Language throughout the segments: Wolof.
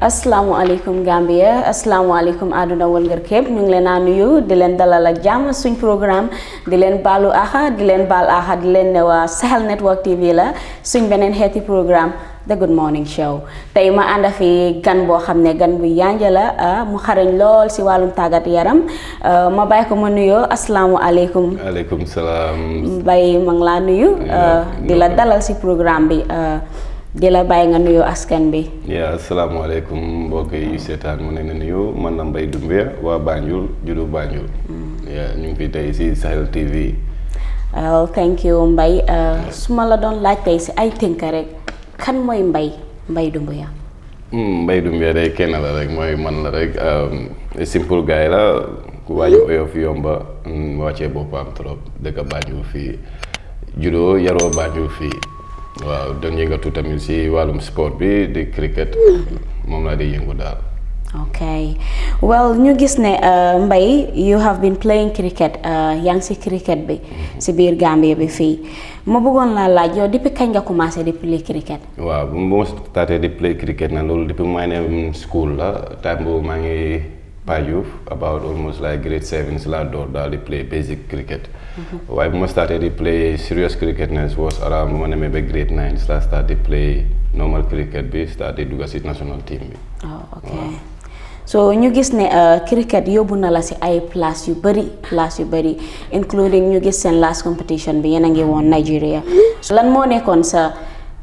alaikum Gambia alaikum aduna wëlngër kep ñu ngi leena nuyu di leen dalal ak jamm suñ programme di leen balu aha di leen bal aha di leen ne Sahel Network TV la suñ benen healthy programme the good morning show tay ma anda fi gan bo xamne ne gan bu yànja la mu xarañ lol si walum tagat yaram ma bay ko ma assalamu alaikum alaikum salam bay ma ngi la nuyu. di la dalal si programme bi dila bay nga nuyu askan bi. yaa assalamu alaykum mbokay yu setan mo neena nuyu man la Mbaye Dumbe wa Banjul julu Banjul. yaa ñu ngi fi tay ci Sahel TV. well thank you Mbaye eh, ya. su ma la don laaj tay ci ay tënk rek kan moy mbay mbay Dumbe ya Mbaye Dumbe day kenn la rek moy man la rek simple guy la ku waaj oyof yomba hmm, wacce bopam trop dëkk Banjul fi juddoo yaro Banjul fi waaw doon yëngatu tamit si wàllum sport bi di cricket moom laa di yëngu daal. okay well ñu gis ne euh, Mbye you have been playing cricket euh, yaa ngi si cricket bi si biir Gambie bi fii ma bëggoon laa laaj yow depuis kañ nga commencé di play cricket. waaw bu ma starté di play cricket na loolu depuis maa ngi school la time boobu maa ngi Pajuf about almost like grade seven si laa door daal di play basic cricket. Why when I started to play serious cricket was around when I maybe grade 9 so I started to play normal cricket bi started duga si national team Oh, okay. Wow. so ñu gis ne uh, cricket yóbbu na la ci ay place yu bari place yu bari including ñu gis sen last competition bi yena a ngi woon Nigeria lan moo kon sa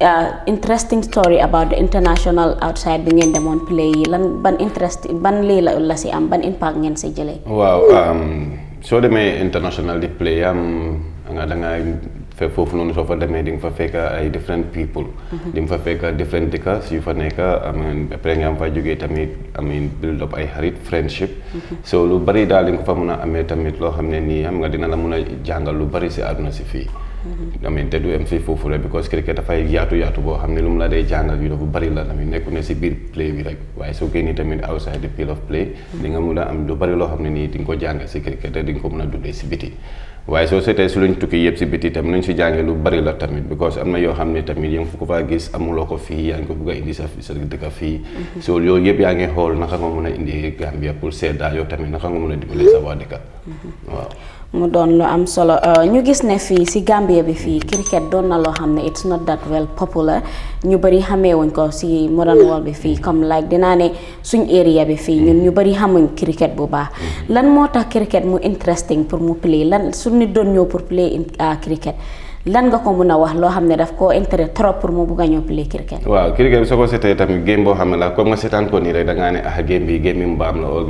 uh, interesting story about the international outside bi ngeen demone play lan ban interest ban lii la la si am ban impact ngeen si Wow um soo demee international di play am nga da fe foofu noonu soo fa demee di nga fa fekk ay different people. Mhm. di nga fa fekk different dëkkas yu fa nekk amiin après nga fa jógee tamit amiin build up ay xarit friendship. Mhm. so lu bari daal di nga fa mën a amee tamit loo xam ne nii am nga dina la mën a jàngal lu bari si àdduna si fii. I mean te du yem si foofu rek because cricket dafay yaatu yaatu boo xam ne lu mu la day jàngal yu dafa bari la tamit nekku ne si biir play bi rek waaye soo génnee tamit outside the field of play di nga mun a am lu bari loo xam ne nii di nga ko jàngal si cricket te di nga ko mën a dundee si biti waaye soo seetee si luñ tukki yëpp si biti tamit luñ si jàngee lu bari la tamit because am na yoo xam ne tamit yaa ngi fu ko faa gis amuloo ko fii yaa ngi ko bugg indi sa sa fii mhm. soo yooyu yëpp yaa ngi xool naka nga mën a indi Gambia pour sedda yow tamit naka nga mën a dimbale sa waa dëkk mhm. waaw mu doon lu am solo euh, ñu gis ne fii si Gambia bi fii mhm. cricket doon na loo xam ne it's not that well popular ñu bëri xamee wuñ ko si modern mm. world bi fii comme like dinaa ne suñ area bi fii ñun mm. ñu bëri xamuñ cricket bu baax mm. lan moo tax cricket mu interesting pour mu play nit doon ñëw pour play ah, cricket lan nga ko mun a wax loo xam ne daf koo intérêt trop pour mu bugg a ñëw play cricket. waaw cricket bi soo ko seetee tamit game boo xam ne la comme nga seetaan ko nii rek da ne ah game bi mbaam la oo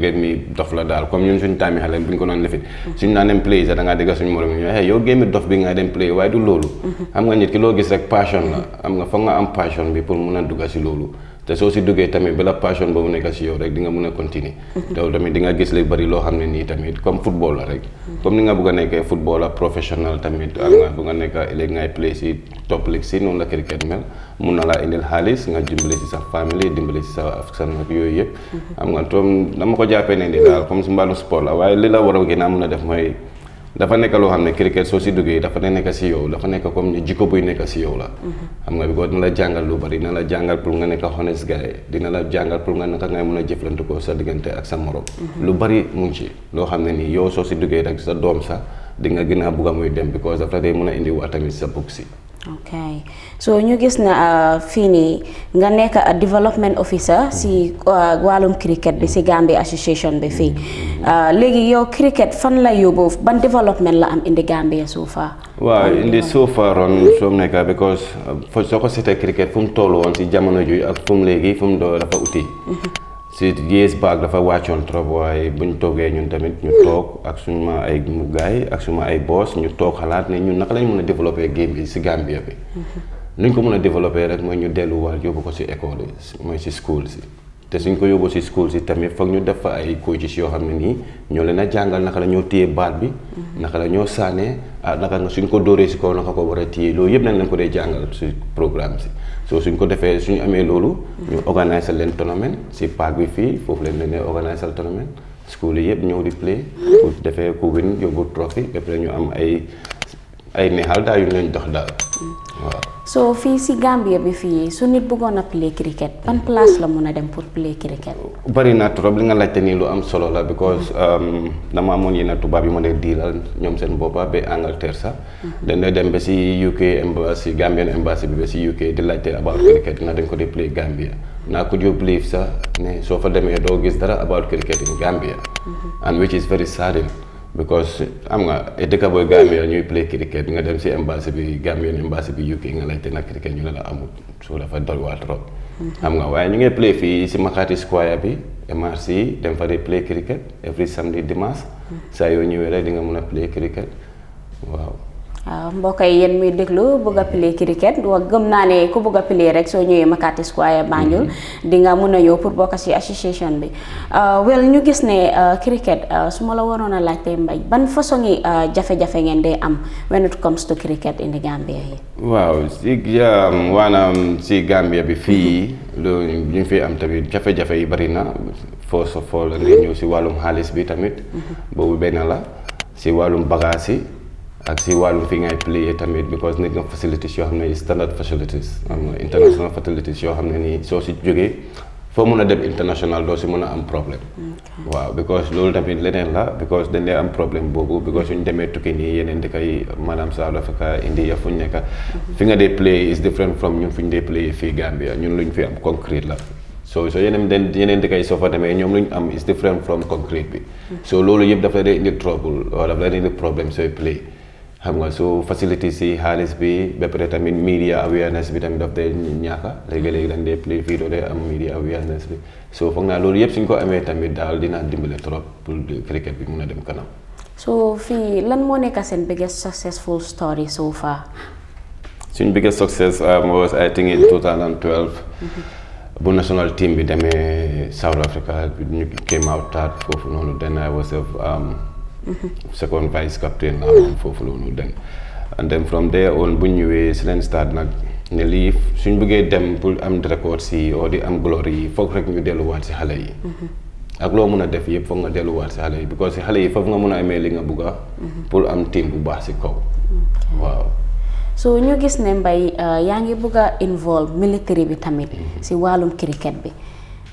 game dof la daal comme ñun suñu taami xale bu ñu ko doon lifin mm-hmm. suñu naan dem play sax da dégg suñu morom yi ñu yow game dof bi nga dem play waaye du loolu. Mm-hmm. xam nga nit ki loo gis rek passion la am nga foog a te soo si duggee tamit ba la passion boobu nekk si yow rek di mun a continuer. te tamit di gis lu bari loo xam ne nii tamit comme football la rek. comme ni nga bëgg a nekkee football la professionnel tamit ak nga bëgg a nekk léegi ngay play si top league si noonu la cricket mel mun na laa indil xaalis nga dimbali si sa famille dimbali si sa sa nag yooyu yëpp. Mhm. am nga toom dama ko jàppee ne ni daal comme si mbaalu sport la waaye li la war a gën a mun a def dafa nekk loo xam ne cricket soo si duggee dafa ne nekk si yow dafa nekk comme ni jikko buy nekk si yow la. Mhm. xam nga bi ko la jàngal lu bari dina la jàngal pour nga nekk honest guy dina la jàngal pour nga naka ngay mën a jëflante ko sa diggante ak sa morom. Mhm. lu bari mu ngi ci loo xam ne nii yow soo si duggee rek sa doom sax di nga gën a bugg a muy dem because dafa lay mën a indiwaat tamit sa bopp si. ok so ñu gis na uh, fii nii nga nekk development officer si uh, wàllum cricket bi si Gambia association bi fii uh, léegi yow cricket fan la yóbbu ban development la am indi Gambia so far. waaw indi so far ron soo nekka because soo ko seetee cricket fu mu toll woon si jamono ju ak fu mu léegi fu mu dafa uti. Mm-hmm. si yees baag dafa wàccoon trop waaye bu ñu toogee ñun tamit ñu toog ak suñu ma ay mu gaay ak suma ay boss ñu toog xalaat ne ñun naka lañ mën a développé game bi si Gambia bi. Mhm. nu ñu ko mën a développé rek mooy ñu delluwaat yóbbu ko si école yi mooy si school si. te suñ ko yóbbu si school si tamit foog ñu def fa ay coaches yoo xam ne nii ñoo leen a jàngal naka la ñoo téye baat bi. Mhm. naka la ñoo saanee ah naka nga suñ ko dooree si ko naka ko war a téye loolu yëpp nañ ko dee jàngal si programme si. soo suñ ko defee suñu amee loolu. ñu mhm. organiser leen tournament si parc bi fii foofu leen leen organiser tournament school yi yëpp ñëw di play. Mhm. ku defee ku win yóbbu trophy ba pare ñu am ay ay neexal daal yu ñu leen dox daal. waaw soo fii si Gambie bi fii su nit bëggoon a play cricket ban place la mun a dem pour play cricket. bari na trop li nga laajte nii lu am solo la because um, dama amoon yenn tubaab yi ma ne diilal ñoom seen boppa ba Angleterre sax. Mhm. dañ dem ba si UK embassy Gambian embassy bi ba si UK di laajte about cricket na dañ ko di play Gambia naa ko jóg believe sax ne soo fa demee doo gis dara about cricket in Gambia. Mhm. and which is very saddening. because am nga eh, dëkk booy Gambia ñuy play cricket nga dem si embassy bi Gambian embassy bi UK nga laajte nag cricket ñu ne la amul su dafa doy waa trop. Mhm. nga waaye ñu ngi play fii si Makati Square bi MRC dem fa di play cricket every samedi dimanche. Mhm. saa yoo ñëwee rek di mun a play cricket waaw. waaw mbokk yi yéen muy déglu bëgg a play cricket wa gëm naa ne ku bëgg a play rek soo ñëwee Makati Square Banjul mhm. di nga mun a ñëw pour bokk ci association bi euh, wel ñu gis ne euh, cricket euh, su ma la waroon a laaj tey mbay ban façon yi jafe ngeen day am when it comes to cricket waaw si um, waanaam si Gambia bi fii loolu mhm. ñu yi bari na ñëw si wàllum xaalis bi tamit mhm. boobu benn la si wàllum bagaas yi ak si wàllu fi ngay plier tamit because nekk na facilities yoo xam ne standard facilities am na international facilities yoo xam ne nii soo si jógee foo mun a dem international doo si mën a am problème waaw because loolu tamit leneen la because dañ lay am problème boobu because suñ demee tukki nii yeneen dëkk yi maanaam South Africa India fu ñu nekka mhm. fi nga dee play is different from ñun fu ñu dee play fii Gambia ñun lu ñu fi am concrete la so so yeneen den yeneen dëkk yi demee ñoom lu ñu am is different from mhm. loolu yëpp dafa lay indi trouble wala dafa lay indi problème sooy xam nga so facilities si xaalis bi ba pare tamit media awareness bi tamit daf day ñaaka léegi-léegi dañ dee play fii doo dee am media awareness bi so foog naa loolu yëpp suñ ko amee tamit daal dinaa dimbale trop pour cricket bi mun a dem kanam. so fii lan moo nekk seen biggest successful story so far. suñ biggest success um, was I think in 2012. Mm-hmm. bu national team bi demee South Africa ñu came out third foofu noonu then I was um, second vice captain laa foofu la woon dem and then from there on bu ñu ñëwee si leen stade nag ne lii suñ bëggee dem pour am record si oo di am glory yi foog rek ñu delluwaat si xale yi ak loo mën a def yëpp foog nga delluwaat si xale yi because si xale yi foofu nga mun a amee li nga bugga pour am team bu baax si kaw waaw so ñu gis ne Mbye yaa ngi bëgg a involve military bi tamit si wàllum cricket bi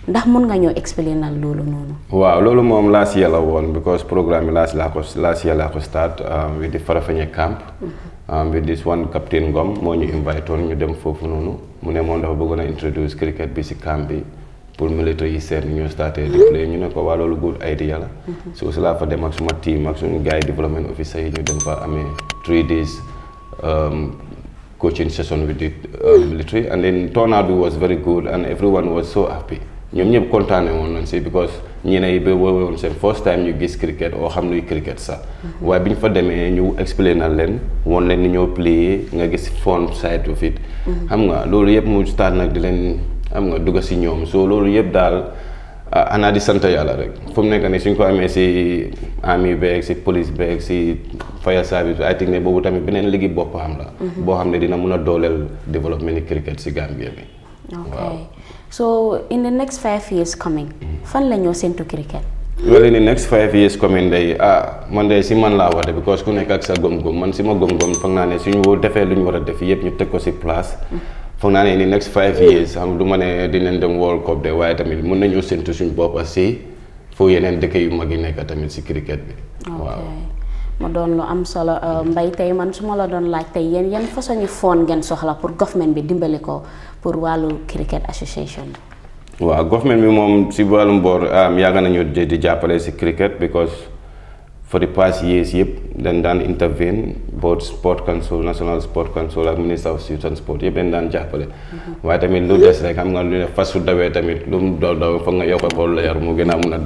ndax mun nga ñoo expliquer loolu noonu waaw loolu moom last year la woon because programme bi last laa ko last year laa ko start um, with the Farafenni camp mm-hmm. um, with this one captain Ngom moo ñu invite woon ñu dem foofu noonu mu ne moom dafa bëggoon a introduce cricket bi si camp bi pour military yi ñu starté ñu ne ko waa loolu good idea la mm-hmm. so si laa fa dem ak suma team ak suñu gars development officer yi ñu dem fa amee three days um, coaching session with the uh, military and then turnout was very good and everyone ñom ñep contané won nañ ci because ñi ne ba woon sen first time ñu gis cricket or xam luy cricket sa mhm. way biñ fa démé ñu explain na len won len ni ñoo play nga gis fond side of it mhm. xam nga loolu yep mu start nak di len xam nga dugg si ñom so loolu yep dal, ah, ana di sante yalla rek fu mu nekk ni suñ ko amé si ami beeg si police beeg si fire service I think né bobu tamit benen liggéey bop am la mhm. bo xamné dina mëna dolel dooleel cricket si Gambia bi wow. so in the next five years coming fan la ñoo séntu cricket. well in the next five years coming day ah man de si man laa woote because ku nekk ak sa gom-gom man si ma gom-gom foog naa ne suñu defee lu ñu war a def yëpp ñu teg ko si place. foog naa ne in the next five years xam du ma ne dinañ dem World Cup de waaye tamit mun nañoo séntu suñu bopp si foo yeneen dëkk yu mag yi nekk tamit si cricket bi. waaw. ma doon lu am solo euh, mbay tey man su ma la doon laaj tey yéen yan façon ñu foon ngeen soxla pour government bi dimbali ko pour wàllu cricket association bi. waaw government bi moom si wàllum boor ah, yàgg nañu di jàppale si cricket because for the past years yëpp dañ daan intervene board sport council national sport council ak minister of youth and sport yëpp dañ daan jàppale. Mhm. waaye tamit lu des rek xam nga lu ne fas dawee tamit lu mu daw daw foog nga yokk boolu la yar mu gën a mun a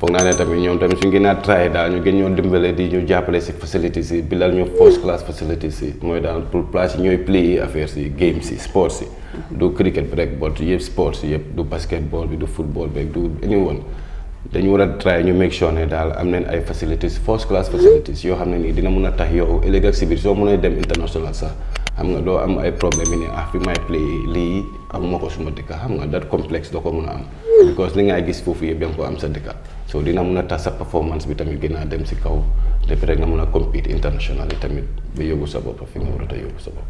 foog naa ne tamit ñoom tamit suñ gën a traité daal ñu gën ñoo dimbale di ñu jàppale si facilities yi bilal ñu first class facilities yi mooy daal pour place ñooy play yi affaires yi games yi sports du cricket bi rek bot yëpp sports yi yëpp du basketball bi du football bi du anyone dañu war a try ñu make sure ne daal am na ay facilities first class facilities yoo xam ne nii dina mun a tax yow ëllëg ak si biir soo mun a dem international sax xam nga do am ay problème ni ah fi may play li, am ko suma dekk xam nga dat complexe doo ko mun am because li nga gis fofu yeb yang ko am sa dekk so dina meuna ta sa performance bi tamit gën dem ci kaw def rek nga meuna compete international tamit bi yogu sa bop fi nga wara ta yogu sa bop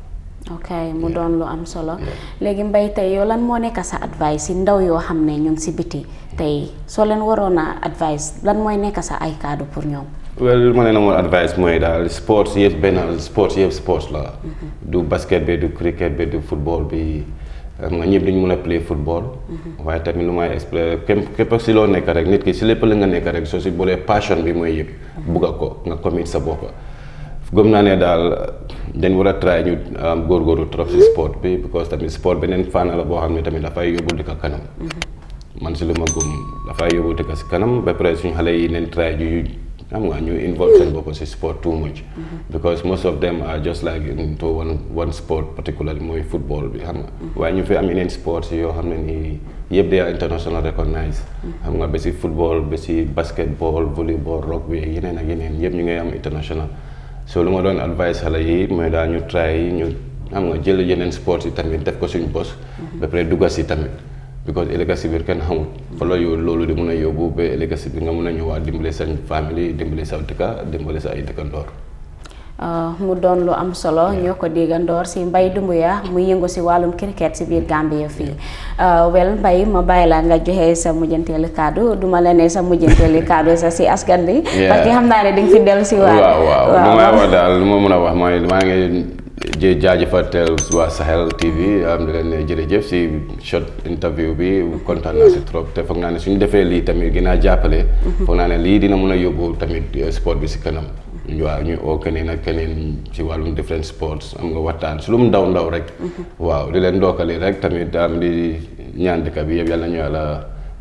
ok mu don lu am solo léegi mbay tay yo lan mo nek sa advice ndaw yo xamne ne ñu ngi biti tay so len warona advice lan moy nek sa ay cadeau pour ñom well li ma leen amoon advice mooy daal sport yëpp benn sport yëpp sports la mhm. du basket bi du cricket bi du football bi xam nga ñëpp dañu mën play football mhm. waaye tamit lu may expliqué képp képp si loo nekk rek nit ki si lépp la nga nekk rek soo si boolee passion bi mooy yëpp mhm. bugga ko nga commit sa bopp gëm naa ne daal dañ war try ñu um, góorgóorlu trop si sport bi because tamit sport benen fànn la boo xam ne tamit dafay yóbbul di ko kanam man si lu ma gëm dafay yóbbul di kanam ba pare suñu xale yi neen try ju xam nga ñu involve seen bopp si sport too much because most of them are just like into one one sport particularly mooy football bi xam nga mm-hmm. waaye ñu fi am yeneen sports yoo xam ne nii yëpp day international recognized mm-hmm. xam nga ba si football ba si basketball volleyball rugby yeneen ak yeneen yëpp ñu ngay am international so lu ma doon advice xale yi mooy daal ñu try ñu xam nga jël yeneen sports yi tamit def ko suñu bos mm-hmm. ba pare dugga si tamit because ëllëg si biir kenn xamul fa la yow loolu di mën a yóbbu ba ëllëg si biir nga mën a ñëwaat dimbale sa sa ay uh, mu don lu am solo ñoko ko dor si mbay ya, mu yengo ya, si walum cricket si ya. ah, Well, gambia uh, well mbay ma bàyyi la nga joxe sa mujjentel kado duma la ne sa mujjentel kado sa si askan yeah. parce que xam ne di fi dellu si wa wa wa lu wax wax jë jaajëfatel waa Sahel TV am na leen ne jërëjëf si short interview bi kontaan naa si trop te foog naa ne suñu defee lii tamit gën a jàppale. foog naa ne lii dina mën a yóbbu tamit euh, sport bi si kanam. waaw ñu oo keneen ak keneen ci wàllum different sports am nga waxtaan su lu mu ndaw ndaw rek. waaw di leen ndokkali rek tamit am di ñaan dëkk bi yëpp yàlla ñu yàlla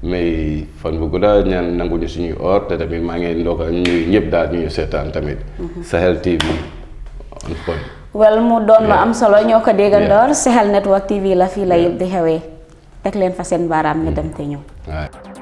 may fan bu gudda ñaan nangu nanguñu suñuy or te tamit maa ngi ndokka ñuy ñëpp daal ñuy seetaan tamit. Sahel wel mu doon lu am solo ñoo ko déggandoor Sahel network TV la fii la yëpp di xewee teg leen fa seen baaraam ñu mm. dem te ñëw